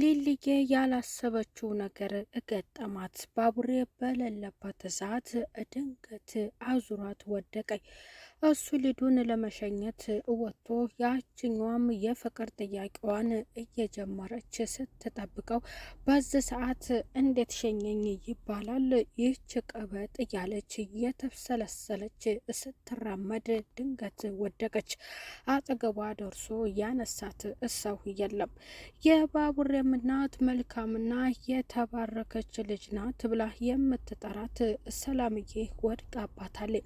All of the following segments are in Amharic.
ሊሊዬ ያላሰበችው ነገር ገጠማት። ባቡሬ በሌለባት ሰዓት ድንገት አዙራት ወደቀኝ። እሱ ሊዱን ለመሸኘት ወጥቶ ያችኛዋም የፍቅር ጥያቄዋን እየጀመረች ስትጠብቀው በዚህ ሰዓት እንዴት ሸኘኝ ይባላል? ይህች ቀበጥ እያለች የተብሰለሰለች ስትራመድ ድንገት ወደቀች። አጠገቧ ደርሶ ያነሳት እሰው የለም። የባቡር የምናት መልካምና የተባረከች ልጅ ናት ብላ የምትጠራት ሰላምዬ ወድቃባታለች።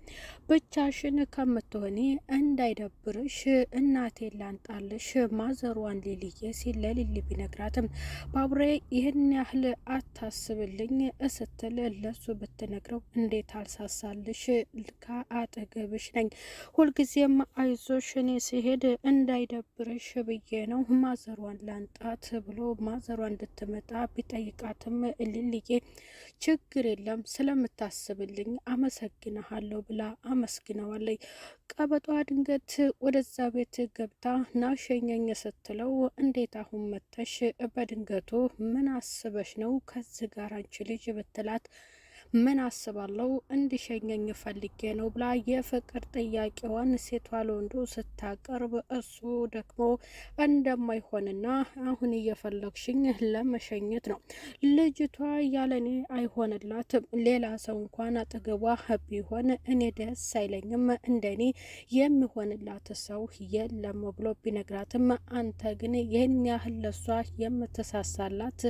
ብቻሽን ከ ከምትሆኒ እንዳይደብርሽ እናቴ ላንጣልሽ ማዘሯን ሊልዬ ሲል ለሊሊ ቢነግራትም ባቡሬ ይህን ያህል አታስብልኝ እስትል ለሱ ብትነግረው እንዴት አልሳሳልሽ ልካ አጠገብሽ ነኝ ሁልጊዜም አይዞሽ እኔ ሲሄድ እንዳይደብርሽ ብዬ ነው ማዘሯን ላንጣት ብሎ ማዘሯ እንድትመጣ ቢጠይቃትም ልልዬ ችግር የለም ስለምታስብልኝ አመሰግናሃለሁ ብላ አመስግነዋለች። ቀበጧ ድንገት ወደዛ ቤት ገብታ ናሸኘኝ ስትለው እንዴት አሁን መተሽ በድንገቱ ምን አስበሽ ነው ከዚህ ጋር አንቺ ልጅ ብትላት ምን አስባለው እንዲሸኘኝ ፈልጌ ነው ብላ የፍቅር ጥያቄዋን ሴቷ ለወንዱ ስታቀርብ እሱ ደግሞ እንደማይሆንና አሁን እየፈለግሽኝ ለመሸኘት ነው ልጅቷ ያለኔ አይሆንላትም፣ ሌላ ሰው እንኳን አጠገቧ ቢሆን እኔ ደስ አይለኝም፣ እንደኔ የሚሆንላት ሰው የለም ብሎ ቢነግራትም አንተ ግን ይህን ያህል ለሷ የምትሳሳላት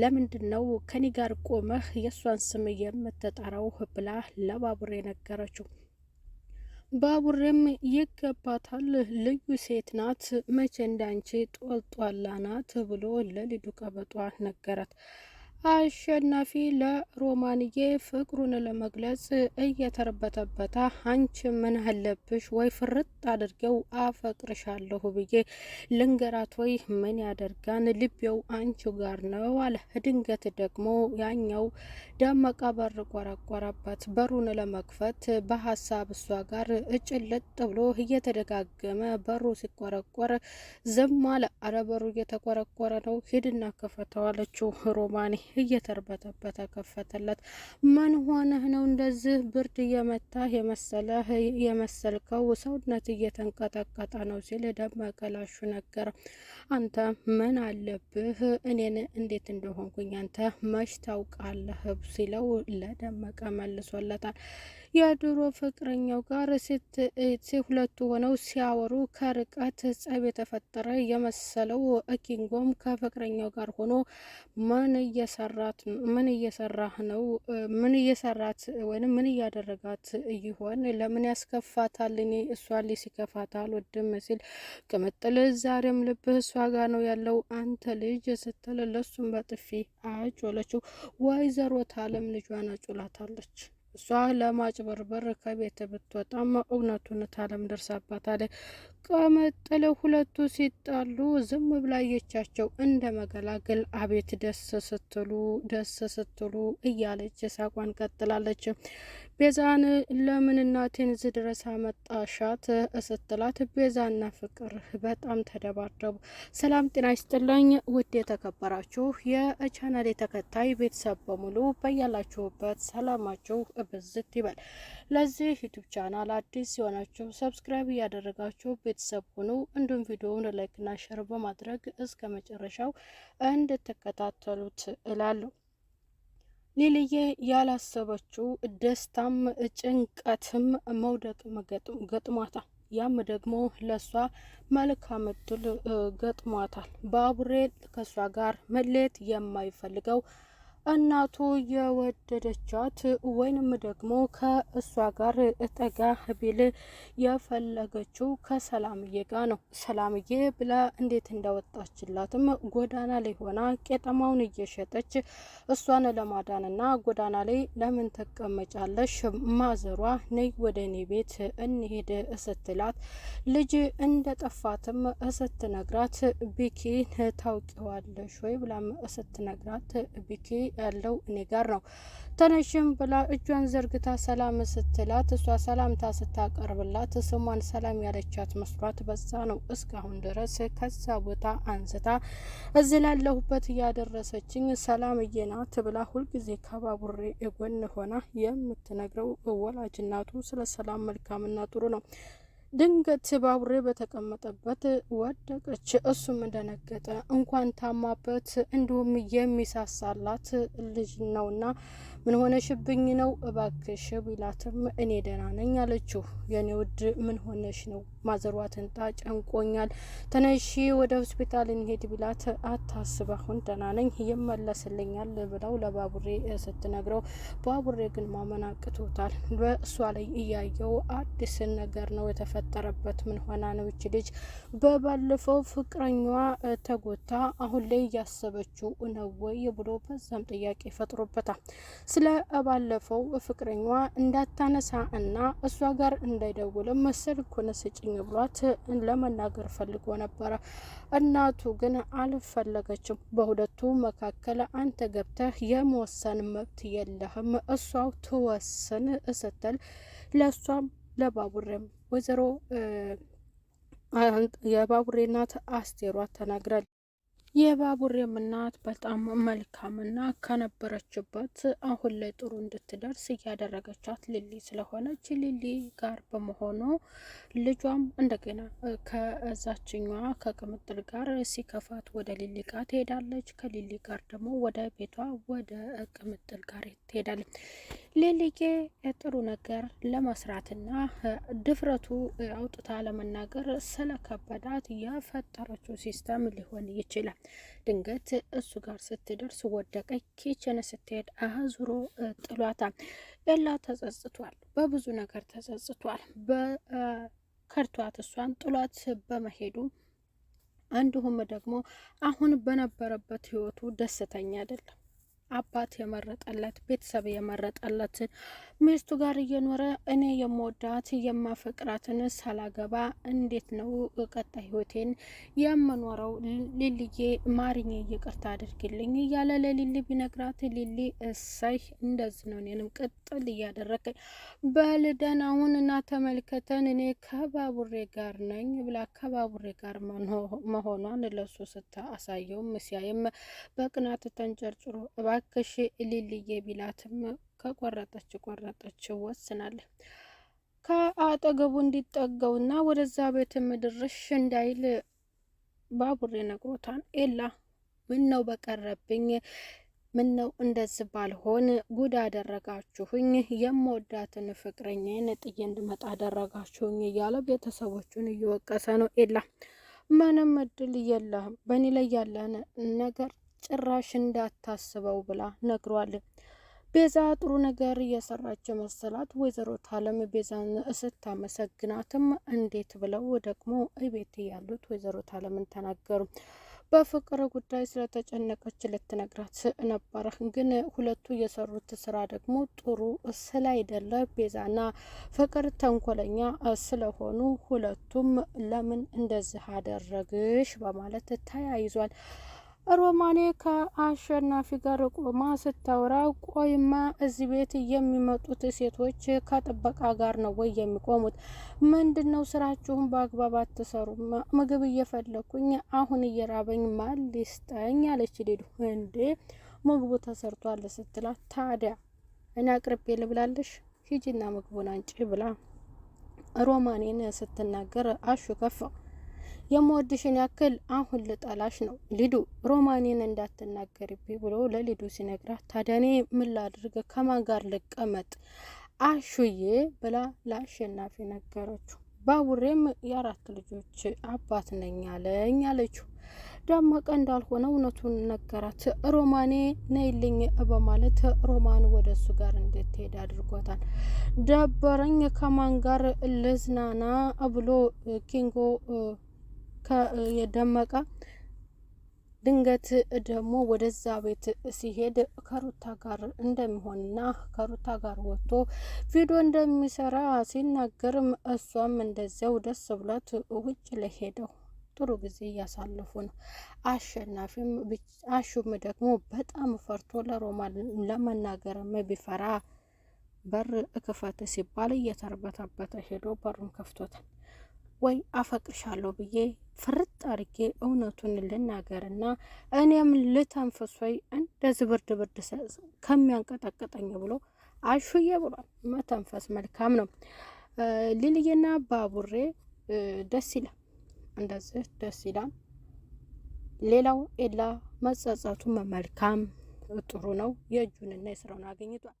ለምንድን ነው? ከኔ ጋር ቆመህ የእሷን ስም የምትጠራው ብላ ለባቡሬ ነገረችው። ባቡሬም ይገባታል፣ ልዩ ሴት ናት፣ መቼ እንዳንቺ ጦልጧላ ናት ብሎ ለሊዱ ቀበጧ ነገራት። አሸናፊ ለሮማንዬ ፍቅሩን ለመግለጽ እየተርበተበታ አንቺ ምን አለብሽ ወይ ፍርጥ አድርጌው አፈቅርሻለሁ ብዬ ልንገራት ወይ ምን ያደርጋን ልቤው አንቺ ጋር ነው አለ። ድንገት ደግሞ ያኛው ደመቃ በር ቆረቆረበት። በሩን ለመክፈት በሀሳብ እሷ ጋር እጭልጥ ብሎ እየተደጋገመ በሩ ሲቆረቆር ዝም አለ። እየተቆረቆረ ነው፣ ሂድና ከፈተዋለችው ሮማኔ እየተርበተበተ ከፈተለት። ምን ሆነህ ነው እንደዚህ ብርድ እየመታህ የመሰለህ የመሰልከው? ሰውነት እየተንቀጠቀጠ ነው ሲል ደመቀ ላሹ ነገር አንተ ምን አለብህ? እኔን እንዴት እንደሆንኩኝ አንተ መች ታውቃለህ? ሲለው ለደመቀ መልሶለታል። የድሮ ፍቅረኛው ጋር ሁለቱ ሆነው ሲያወሩ ከርቀት ጸብ የተፈጠረ የመሰለው ኪንጎም ከፍቅረኛው ጋር ሆኖ ምን እየሰራት ምን እየሰራህ ነው? ምን እየሰራት ወይም ምን እያደረጋት ይሆን? ለምን ያስከፋታል? እኔ እሷ ላይ ሲከፋታል ወድም ሲል ቅምጥል ዛሬም ልብህ እሷ ጋር ነው ያለው አንተ ልጅ ስትል ለሱም በጥፊ አጭወለችው። ወይዘሮ ታለም ልጇን አጩላታለች። እሷ ለማጭበርበር ከቤት ብትወጣም እውነቱን ታለም ደርሳባታለች። ቀመጥለ ሁለቱ ሲጣሉ ዝም ብላ የቻቸው እንደ መገላገል አቤት ደስ ስትሉ ደስ ስትሉ እያለች ሳቋን ቀጥላለች። ቤዛን ለምን እናቴን እዚህ ድረስ አመጣሻት ስትላት ቤዛና ፍቅር በጣም ተደባደቡ። ሰላም ጤና ይስጥልኝ ውድ የተከበራችሁ የቻናል የተከታይ ቤተሰብ በሙሉ በያላችሁበት ሰላማችሁ ብዝት ይበል። ለዚህ ዩቱብ ቻናል አዲስ የሆናችሁ ሰብስክራይብ እያደረጋችሁ ቤተሰብ ሁኑ። እንዲሁም ቪዲዮውን ላይክና ሸር በማድረግ እስከ መጨረሻው እንድትከታተሉት እላለሁ። ሊልዬ ያላሰበችው ደስታም ጭንቀትም መውደቅ ገጥሟታል። ያም ደግሞ ለሷ መልካም እድል ገጥሟታል። ባቡሬ ከእሷ ጋር መለየት የማይፈልገው እናቱ የወደደቻት ወይንም ደግሞ ከእሷ ጋር ጠጋ ቢል የፈለገችው ከሰላምዬ ጋር ነው። ሰላምዬ ብላ እንዴት እንዳወጣችላትም ጎዳና ላይ ሆና ቄጠማውን እየሸጠች እሷን ለማዳንና ጎዳና ላይ ለምን ትቀመጫለሽ ማዘሯ ነይ ወደ እኔ ቤት እንሄድ ስትላት ልጅ ጠፋትም እስትነግራት ቢኪ ታውቂዋለሽ ወይ ብላም እስትነግራት ቢኪ ያለው እኔ ጋር ነው። ተነሽም ብላ እጇን ዘርግታ ሰላም ስትላት እሷ ሰላምታ ስታቀርብላት ስሟን ሰላም ያለቻት መስሏት በዛ ነው እስካሁን ድረስ ከዛ ቦታ አንስታ እዚህ ላለሁበት እያደረሰችኝ ሰላምዬ ናት ብላ ሁልጊዜ ከባቡሬ የጎን ሆና የምትነግረው ወላጅናቱ ስለ ሰላም መልካምና ጥሩ ነው። ድንገት ባቡሬ በተቀመጠበት ወደቀች። እሱም እንደነገጠ እንኳን ታማበት እንዲሁም የሚሳሳላት ልጅ ነውና ምን ሆነሽብኝ ነው እባክሽ ቢላትም እኔ ደህና ነኝ አለችው። የኔ ውድ ምን ሆነሽ ነው? ማዘሯ ትንጣ ጨንቆኛል፣ ተነሺ ወደ ሆስፒታል እንሄድ ቢላት አታስብ፣ አሁን ደህና ነኝ ይመለስልኛል ብለው ለባቡሬ ስትነግረው ባቡሬ ግን ማመን አቅቶታል። በእሷ ላይ እያየው አዲስን ነገር ነው የተፈጠረበት። ምን ሆና ነው ይች ልጅ? በባለፈው ፍቅረኛዋ ተጎታ አሁን ላይ እያሰበችው ነው ወይ ብሎ በዛም ጥያቄ ፈጥሮበታል። ስለ ባለፈው ፍቅረኛዋ እንዳታነሳ እና እሷ ጋር እንዳይደውልም ኮነ ስጭኝ ብሏት ለመናገር ፈልጎ ነበረ። እናቱ ግን አልፈለገችም። በሁለቱ መካከል አንተ ገብተህ የመወሰን መብት የለህም፣ እሷው ትወስን ስትል ለእሷም ለባቡሬም ወይዘሮ የባቡሬ እናት አስቴሯ ተናግራል። የባቡሬም እናት በጣም መልካምና ከነበረችበት አሁን ላይ ጥሩ እንድትደርስ እያደረገቻት ሊሊ ስለሆነች ሊሊ ጋር በመሆኑ ልጇም እንደገና ከዛችኛዋ ከቅምጥል ጋር ሲከፋት ወደ ሊሊ ጋር ትሄዳለች። ከሊሊ ጋር ደግሞ ወደ ቤቷ ወደ ቅምጥል ጋር ትሄዳለች። ሊሊዬ ጥሩ ነገር ለመስራትና ድፍረቱ አውጥታ ለመናገር ስለከበዳት የፈጠረችው ሲስተም ሊሆን ይችላል። ድንገት እሱ ጋር ስትደርስ ወደቀች። ኪችን ስትሄድ አዙሮ ጥሏታል። ኤላ ተጸጽቷል፣ በብዙ ነገር ተጸጽቷል። በከርቷት እሷን ጥሏት በመሄዱ እንዲሁም ደግሞ አሁን በነበረበት ህይወቱ ደስተኛ አይደለም። አባት የመረጠለት ቤተሰብ የመረጠለት ሚስቱ ጋር እየኖረ እኔ የምወዳት የማፈቅራትን ሳላገባ እንዴት ነው ቀጣይ ህይወቴን የምኖረው? ሊልዬ ማርኜ ይቅርታ አድርግልኝ እያለ ለሊሊ ቢነግራት ሊሊ እሰይ እንደዚህ ነው እኔንም ቅጥል እያደረከኝ በልደን አሁን እና ተመልከተን እኔ ከባቡሬ ጋር ነኝ ብላ ከባቡሬ ጋር መሆኗን ለሱ ስታ አሳየውም ሲያይም በቅናት ተንጨርጭሮ እባክሽ እልልዬ ቢላትም ከቆረጠች ቆረጠች ወስናለ ከአጠገቡ እና ወደዛ ቤት ምድርሽ እንዳይል ባቡሬ ነግሮታል። ኤላ ምን ነው በቀረብኝ ምን ነው እንደዚህ ባልሆን ጉድ አደረጋችሁኝ፣ የምወዳትን ፍቅረኛዬን ጥዬ እንድመጣ አደረጋችሁኝ እያለ ቤተሰቦቹን እየወቀሰ ነው። ኤላ ምንም እድል የለህም፣ በእኔ ላይ ያለን ነገር ጭራሽ እንዳታስበው ብላ ነግሯል። ቤዛ ጥሩ ነገር እየሰራች መሰላት ወይዘሮ ታለም ቤዛን ስታመሰግናትም እንዴት ብለው ደግሞ እቤት ያሉት ወይዘሮ ታለምን ተናገሩ። በፍቅር ጉዳይ ስለተጨነቀች ልትነግራት ነበረ። ግን ሁለቱ የሰሩት ስራ ደግሞ ጥሩ ስላይደለ ቤዛና ፍቅር ተንኮለኛ ስለሆኑ ሁለቱም ለምን እንደዚህ አደረግሽ በማለት ተያይዟል። ሮማኔ ከአሸናፊ ጋር ቆማ ስታወራ፣ ቆይማ እዚህ ቤት የሚመጡት ሴቶች ከጥበቃ ጋር ነው ወይ የሚቆሙት? ምንድን ነው ስራችሁን በአግባብ አትሰሩም? ምግብ እየፈለኩኝ አሁን እየራበኝ ማል ሊስጠኝ አለች ሊዱ። እንዴ ምግቡ ተሰርቷል ስትላት፣ ታዲያ እኔ አቅርቤ ልብላለሽ፣ ሂጂና ምግቡን አንጪ ብላ ሮማኔን ስትናገር አሹ ከፋው። የምወድሽን ያክል አሁን ልጠላሽ ነው ሊዱ ሮማኔን እንዳትናገርብኝ ብሎ ለሊዱ ሲነግራት፣ ታዲያ እኔ ምን ላድርግ ከማን ጋር ልቀመጥ አሹዬ ብላ ለአሸናፊ ነገረችው። ባቡሬም የአራት ልጆች አባት ነኝ አለኝ አለችው። ደመቀ እንዳልሆነ እውነቱን ነገራት። ሮማኔ ነይልኝ በማለት ሮማን ወደ እሱ ጋር እንድትሄድ አድርጎታል። ደበረኝ ከማን ጋር ልዝናና ብሎ ኪንጎ የደመቀ ድንገት ደግሞ ወደዛ ቤት ሲሄድ ከሩታ ጋር እንደሚሆንና ከሩታ ጋር ወጥቶ ቪዲዮ እንደሚሰራ ሲናገርም እሷም እንደዚያው ደስ ብሏት ውጭ ለሄደው ጥሩ ጊዜ እያሳለፉ ነው። አሸናፊም አሹም ደግሞ በጣም ፈርቶ ለሮማን ለመናገርም ቢፈራ በር ክፈት ሲባል እየተርበተበተ ሄዶ በሩን ከፍቶታል። ወይ አፈቅርሻለሁ ብዬ ፍርጥ አርጌ እውነቱን ልናገርና እኔም ልተንፍሶይ እንደዚ ብርድ ብርድ ከሚያንቀጠቀጠኝ ብሎ አሹዬ ብሏል። መተንፈስ መልካም ነው። ልልዬና ባቡሬ ደስ ይላል፣ እንደዚህ ደስ ይላል። ሌላው ኤላ መጸጸቱ መልካም ጥሩ ነው። የእጁንና የስራውን አገኝቷል።